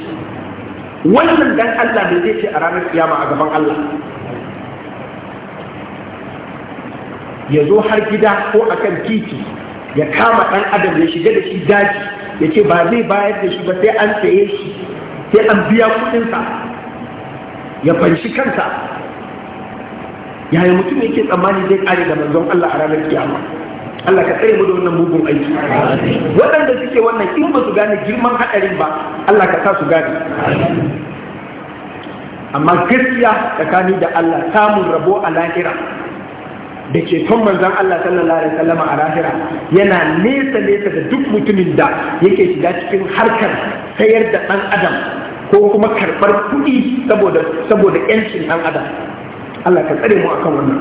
wannan dan Allah ne zai ce a ranar kiyama a gaban Allah ya zo har gida ko a kan titi ya kama ɗan adam ya shiga da shi daji ya ce ba zai bayar da shi ba sai an saye shi sai an biya kuɗinsa ya fanshi kansa yaya mutum ke tsammani zai kare da manzon Allah a ranar kiyama Allah ka tsare mu da wannan mugun aiki waɗanda suke wannan in ba su gane girman haɗarin ba Allah ka sa su gane amma gaskiya tsakani da Allah samun rabo a lahira da ke ton manzan Allah sallallahu alaihi wasallam a lahira yana nesa nesa da duk mutumin da yake shiga cikin harkar sayar da ɗan adam ko kuma karɓar kuɗi saboda yancin ɗan adam Allah ka tsare mu a kan wannan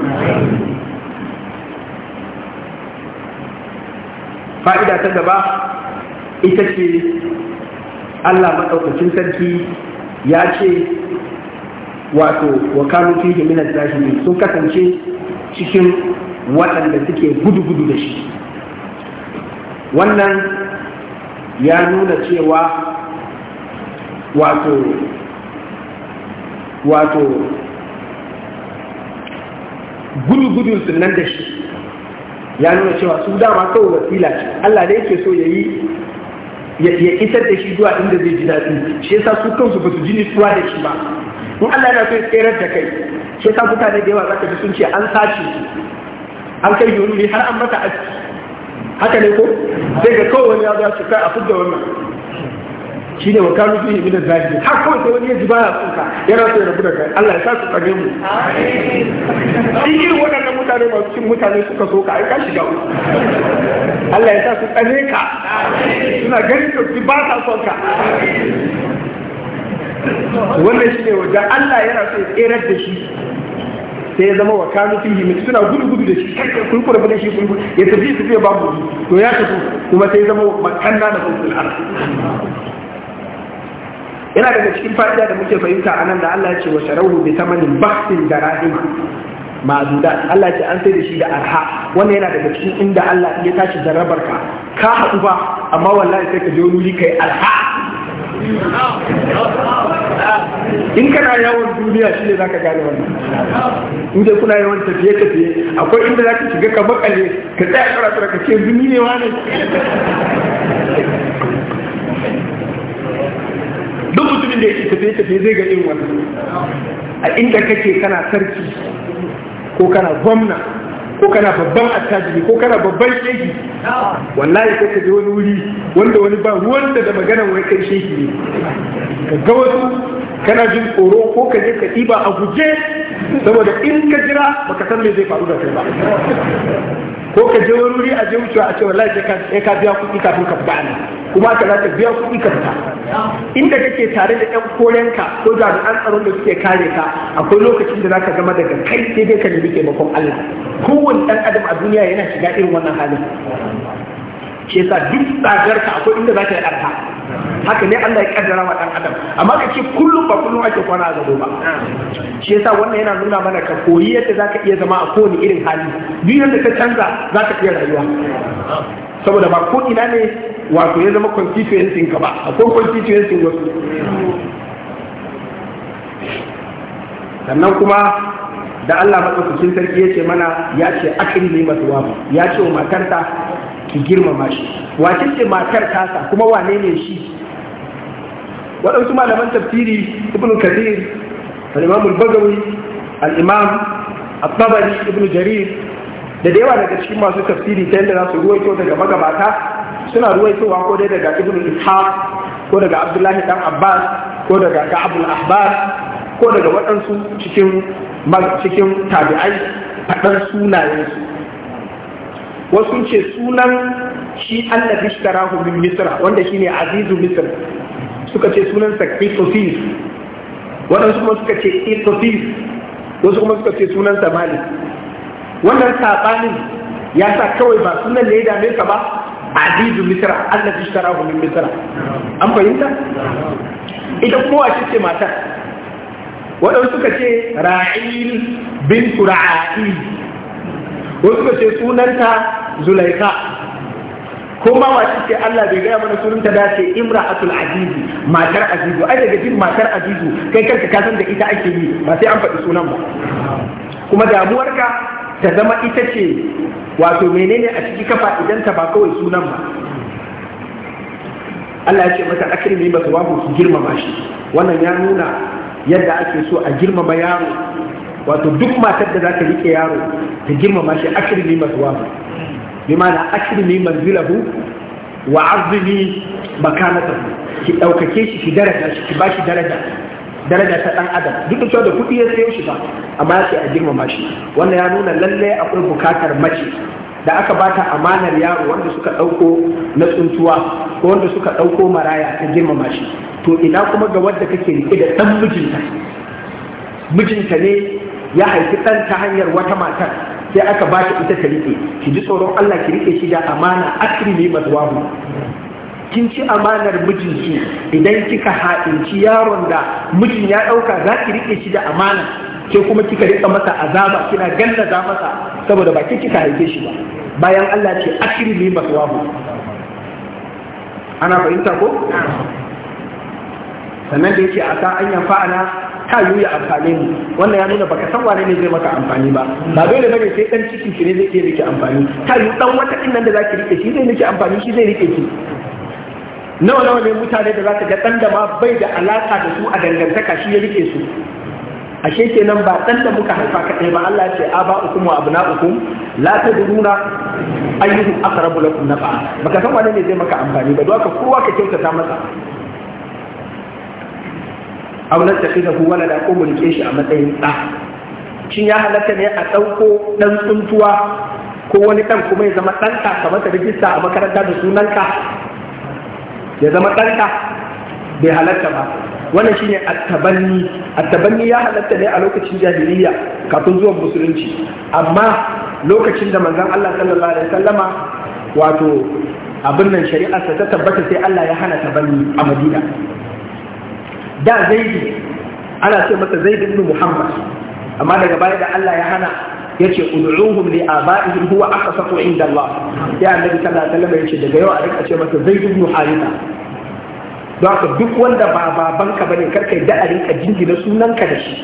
fa'ida ta gaba ita ce Allah maɗaukacin sarki ya ce wato wa kanu fi himinar zahiri sun kasance cikin waɗanda suke gudu-gudu da shi wannan ya nuna cewa wato wato Gudu sun nan da shi ya nuna cewa su dama kawai wasila ce Allah da yake so ya ya isar da shi zuwa inda zai ji daɗi shi yasa su kansu ba su ji suwa da shi ba in Allah yana so ya tserar da kai shi yasa mutane da yawa zaka ji sun ce an sace an kai shi ne har an mata aski haka ne ko sai ga kawo wani ya zo su kai a fudda wannan shi ne wakalu fi yi minan zafi har kuma sai wani ya baya tsunka yana so ya rabu da kai Allah ya sa su tsare mu shi irin waɗannan mutane masu cin mutane suka so ka aika shiga uku Allah ya sa su tsare ka suna ganin ka ba sa son ka wannan shi ne wajen Allah yana so ya tserar da shi sai ya zama wakalu fihi min suna gudu gudu da shi kun kura bane shi kun ya tafi tafiya babu to ya tafi kuma sai ya zama makanna da kun yana daga cikin fa'ida da muke fahimta a nan da Allah ya ce wa sharauhu bi thamanin bahsin darahim ma'adudat Allah ce an sai da shi da arha wannan yana daga cikin inda Allah ya tashi jarrabar ka ka haɗu ba amma wallahi sai ka je wuri kai arha in kana yawon duniya shi ne zaka gane wannan in dai kuna yawan tafiye tafiye akwai inda zaka shiga ka makale ka tsaya karatu ka ce zumi ne wani duk mutumin da yake tafiye tafiye zai ga irin wannan a inda kake kana sarki ko kana gwamna ko kana babban attajiri ko kana babban shehi wallahi sai ka je wani wuri wanda wani ba wanda da maganar wai kai shehi ne ka ga wasu kana jin tsoro ko ka je ka ɗiba a guje saboda in ka jira baka san me zai faru da kai ba ko ka je wuri a je wucewa a ce wallahi sai ka biya kuɗi kafin ka fita ne kuma ka za ka biya kuɗi ka fita inda kake tare da ɗan korenka ko jami'an tsaron da suke kare ka akwai lokacin da za ka zama daga kai sai dai ka nemi taimakon Allah kowane ɗan adam a duniya yana shiga irin wannan halin ke sa duk ka akwai inda za ta yi arha haka ne Allah ya kaddara wa ɗan adam amma ka ce kullum ba kullum ake kwana a gado ba shi yasa wannan yana nuna mana ka koyi yadda za ka iya zama a kowane irin hali duk yadda ka canza za zaka iya rayuwa saboda ba ko ina ne wato ya zama constituency ka ba akwai constituency wasu sannan kuma da Allah maɗaukakin sarki ya ce mana ya ce akin ne masu wabu ya ce wa matarta ki girmama shi wace ce matar tasa kuma wane ne shi waɗansu malaman tafsiri ibn kadir al-imam al-bagawi al-imam at-tabari ibn jarir da dai daga cikin masu tafsiri ta yadda za su ruwaito daga magabata suna ruwaitowa ko dai daga ibn ishaq ko daga abdullahi dan abbas ko daga al ahbar ko daga waɗansu cikin cikin tabi'ai faɗar sunayensu wasu ce sunan shi Allah bishtarahu min misra wanda shine azizu misr suka ce sunan sa qitofis waɗansu kuma suka ce qitofis wasu kuma suka ce sunan sa malik wannan sabanin ya sa kawai ba sunan da ya dame ka ba azizu misra Allah bishtarahu min misra an fahimta ita kuma wace ce matar waɗansu suka ce ra'il bin ra'il wasu suka ce sunanta zulaika kuma wace ce Allah bai gaya mana sunanta ta ce imra'atul azizi matar azizu ai daga jin matar azizu kai kanka ka san da ita ake yi ba sai an faɗi sunan ba kuma damuwarka ta zama ita ce wato menene a ciki kafa idan ta ba kawai sunan ba Allah ya ce mata akrimi ba su babu su girmama shi wannan ya nuna yadda ake so a girmama yaro wato duk matar da za ta rike yaro ta girmama shi akrimi ba su babu bi ma'ana akrimi manzilahu wa azumi makanatahu ki daukake shi ki daraja shi ki bashi daraja daraja ta dan adam duk da cewa da kuɗi ya sayo shi ba amma ya ce a girmama shi wannan ya nuna lalle akwai bukatar mace da aka bata amanar yaro wanda suka ɗauko na tsuntuwa ko wanda suka ɗauko maraya ta girmama shi to ina kuma ga wadda kake riƙe da ɗan mijinta mijinta ne ya haifi ɗan ta hanyar wata matar sai aka ba ta ita ta rike ki ji tsoron Allah ki rike shi da amana ne mazwahu kin ci amanar mijinki idan kika haɗinci yaron da mijin ya ɗauka za ki rike shi da amana ke kuma kika rika masa azaba kina za masa saboda ba kika haife shi ba bayan Allah ce ne mazwahu ana fahimta ko sannan da yake a sa an ta yiwu ya mu wannan ya nuna baka san wane ne zai maka amfani ba ba dole bane sai dan cikin ki ne zai yi miki amfani ta yiwu dan wata din nan da zaki rike shi zai miki amfani shi zai rike ki nawa nawa ne mutane da za ga dan da ma bai da alaka da su a dangantaka shi ya rike su ashe kenan ba dan da muka haifa kaɗai ba Allah ya ce aba ukum wa abna'ukum la tadruna ayyuhum aqrabu lakum nafa baka san wane ne zai maka amfani ba don haka kowa ka kyautata masa aw nattakhidahu da ko mulke shi a matsayin ɗa shin ya halatta ne a ɗauko ɗan tsuntuwa ko wani ɗan kuma ya zama ɗanka ka mata rijista a makaranta da sunanka ya zama ɗanka bai halatta ba wannan shine attabanni attabanni ya halatta ne a lokacin jahiliya kafin zuwan musulunci amma lokacin da manzon Allah sallallahu alaihi wasallama wato abin nan shari'arsa ta tabbata sai Allah ya hana tabanni a Madina da zaidi ana ce masa zaid ibn muhammad amma daga baya da Allah ya hana yace ud'uhum li aba'ihim huwa aqsatu inda Allah ya annabi sallallahu alaihi wasallam yace daga yau a rika ce masa zaid ibn haritha don haka duk wanda ba babanka bane karka yi da a rinka jingina sunanka da shi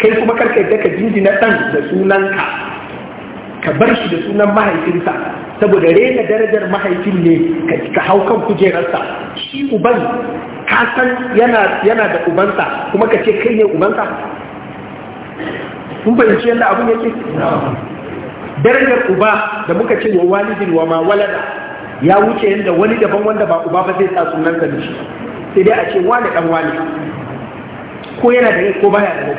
kai kuma karka da ka jinjina ɗan da sunanka ka bar shi da sunan mahaifinsa saboda rena darajar mahaifin ne ka hau kan kujerarsa shi uban ka san yana da ubansa kuma ka ce kai ne ubansa kun fahimci yadda abin yake darajar uba da muka ce wa walidin wa ma walada ya wuce yadda wani daban wanda ba uba ba zai sa sunan da shi sai dai a ce wani dan wani ko yana da rai ko baya da rai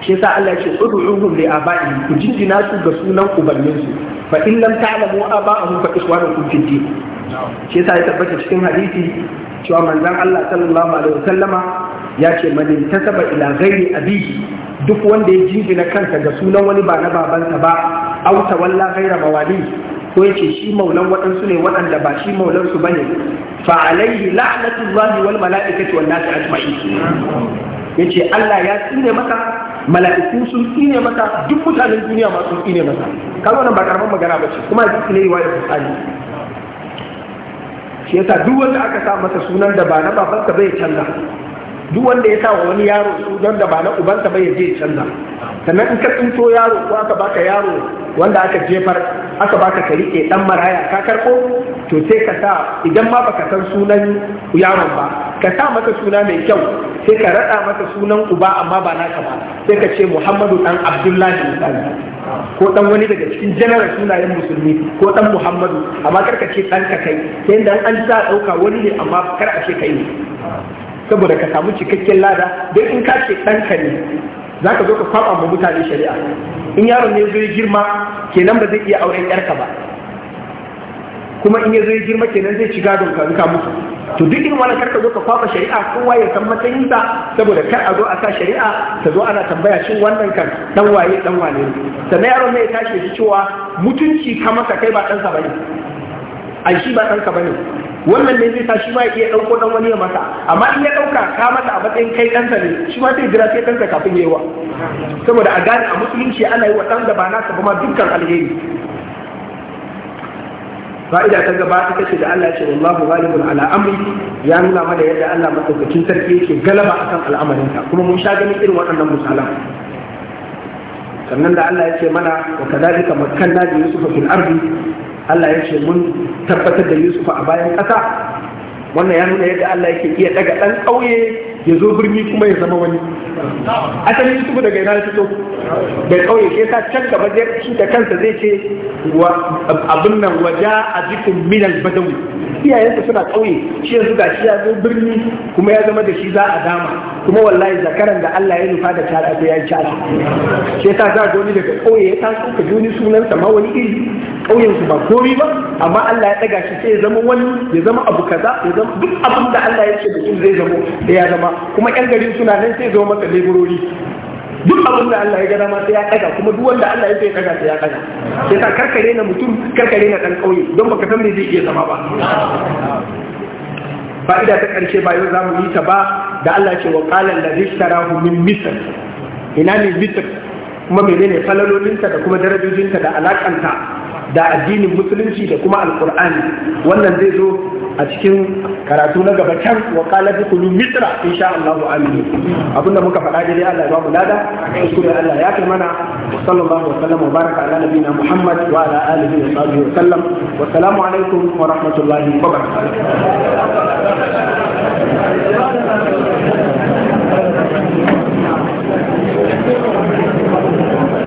shi yasa Allah ya ce ud'uhum li aba'i ku jinjina su ga sunan ubannin su fa in lam ta'lamu aba'ahum fa ikhwanukum fid din shi yasa ya tabbata cikin hadisi cewa manzon Allah sallallahu alaihi sallama, ya ce man intasaba ila ghairi abihi duk wanda ya jingina kansa ga sunan wani ba na babansa ba auta walla ghaira mawali ko yace shi maulan waɗansu ne waɗanda ba shi maulan su bane fa alaihi la'natullahi wal mala'ikati wan nasi ajma'in yace Allah ya tsine maka mala'iku sun tsine maka duk mutanen duniya ma sun tsine maka kaga wannan ba karaman magana bace kuma ya tsine wa da tsani shi yasa duk wanda aka sa masa sunan da ba na babansa bai canza duk wanda ya sa wa wani yaro su don da ba na ubansa ba ya je canza sannan in ka tsinto yaro ko aka baka yaro wanda aka jefar aka baka ka rike dan maraya ka karko to sai ka sa idan ma baka san sunan yaron ba ka sa masa suna mai kyau sai ka rada masa sunan uba amma ba naka ba sai ka ce Muhammadu dan Abdullahi misali ko dan wani daga cikin general sunayen musulmi ko dan Muhammadu amma karka ce dan ka kai sai dan an sa dauka wani ne amma kar a ce kai ne saboda ka samu cikakken lada don in ka ce ɗanka ne za ka zo ka kwaɓa ma mutane shari'a in yaron ne zai girma kenan ba zai iya auren yarka ba kuma in ya zai girma kenan zai ci gadon ka zuka musu to duk irin wani karka zo ka kwaba shari'a kowa ya san matsayin sa saboda kar a zo a sa shari'a ta zo ana tambaya shin wannan kan dan waye dan wane ne sannan yaron ne ya tashi shi cewa mutunci ka masa kai ba ɗansa ba ne, ai shi ba ɗanka ba bane wannan ne zai sa shi ma ya iya ɗauko ɗan wani ya masa amma in ya ɗauka ka masa a matsayin kai ɗansa ne shi ma sai jira sai ɗansa kafin ya yi wa saboda a gane a musulunci ana yi wa ɗan da ba nasa ba ma dukkan alheri fa'ida ta gaba ta kace da Allah ya ce wallahu ghalibun ala amri ya nuna mana yadda Allah madaukakin sarki yake galaba akan al'amarinsa kuma mun sha ganin irin waɗannan misalan sannan da Allah ya ce mana wa kadalika makkanna bi yusuf fil ardi Allah ya ce mun tabbatar da Yusuf a bayan ƙasa wannan ya nuna yadda Allah yake iya daga ɗan ƙauye ya zo birni kuma ya zama wani asalin Yusuf daga ina fito da ƙauye ke sa can gaba zai shi da kansa zai ce abin nan waja a jikin minan badawi iyayensa suna ƙauye shi yanzu ga shi ya zo birni kuma ya zama da shi za a dama kuma wallahi zakaran da Allah ya nufa da tara da ya cara shi yasa za ga wani daga ƙauye ya taso ka ji wani sunansa ma wani iri kauyen su ba komai ba amma Allah ya daga shi sai ya zama wani ya zama abu kaza ya zama duk abin da Allah ya ce mutum zai zama da ya zama kuma yan garin suna nan sai zama masa leburori duk abin da Allah ya gada ma sai ya daga kuma duk wanda Allah ya ce ya daga sai ya daga sai ka karkare na mutum karkare na dan kauye don baka san me zai iya zama ba fa'ida ta karshe ba yau za yi ta ba da Allah ce wa qalan la ishtarahu min misr ina ne misr kuma menene falalolinta da kuma darajojinta da alakanta da addinin musulunci da kuma alkur'ani wannan zai zo a cikin karatu na gaba can wa qala dukulu mitra insha Allah amin abinda muka faɗa dai Allah ya ba mu lada kuskure Allah ya kai mana sallallahu alaihi wa baraka ala nabiyina Muhammad wa ala alihi wa sahbihi wa sallam wa assalamu alaikum wa rahmatullahi wa barakatuh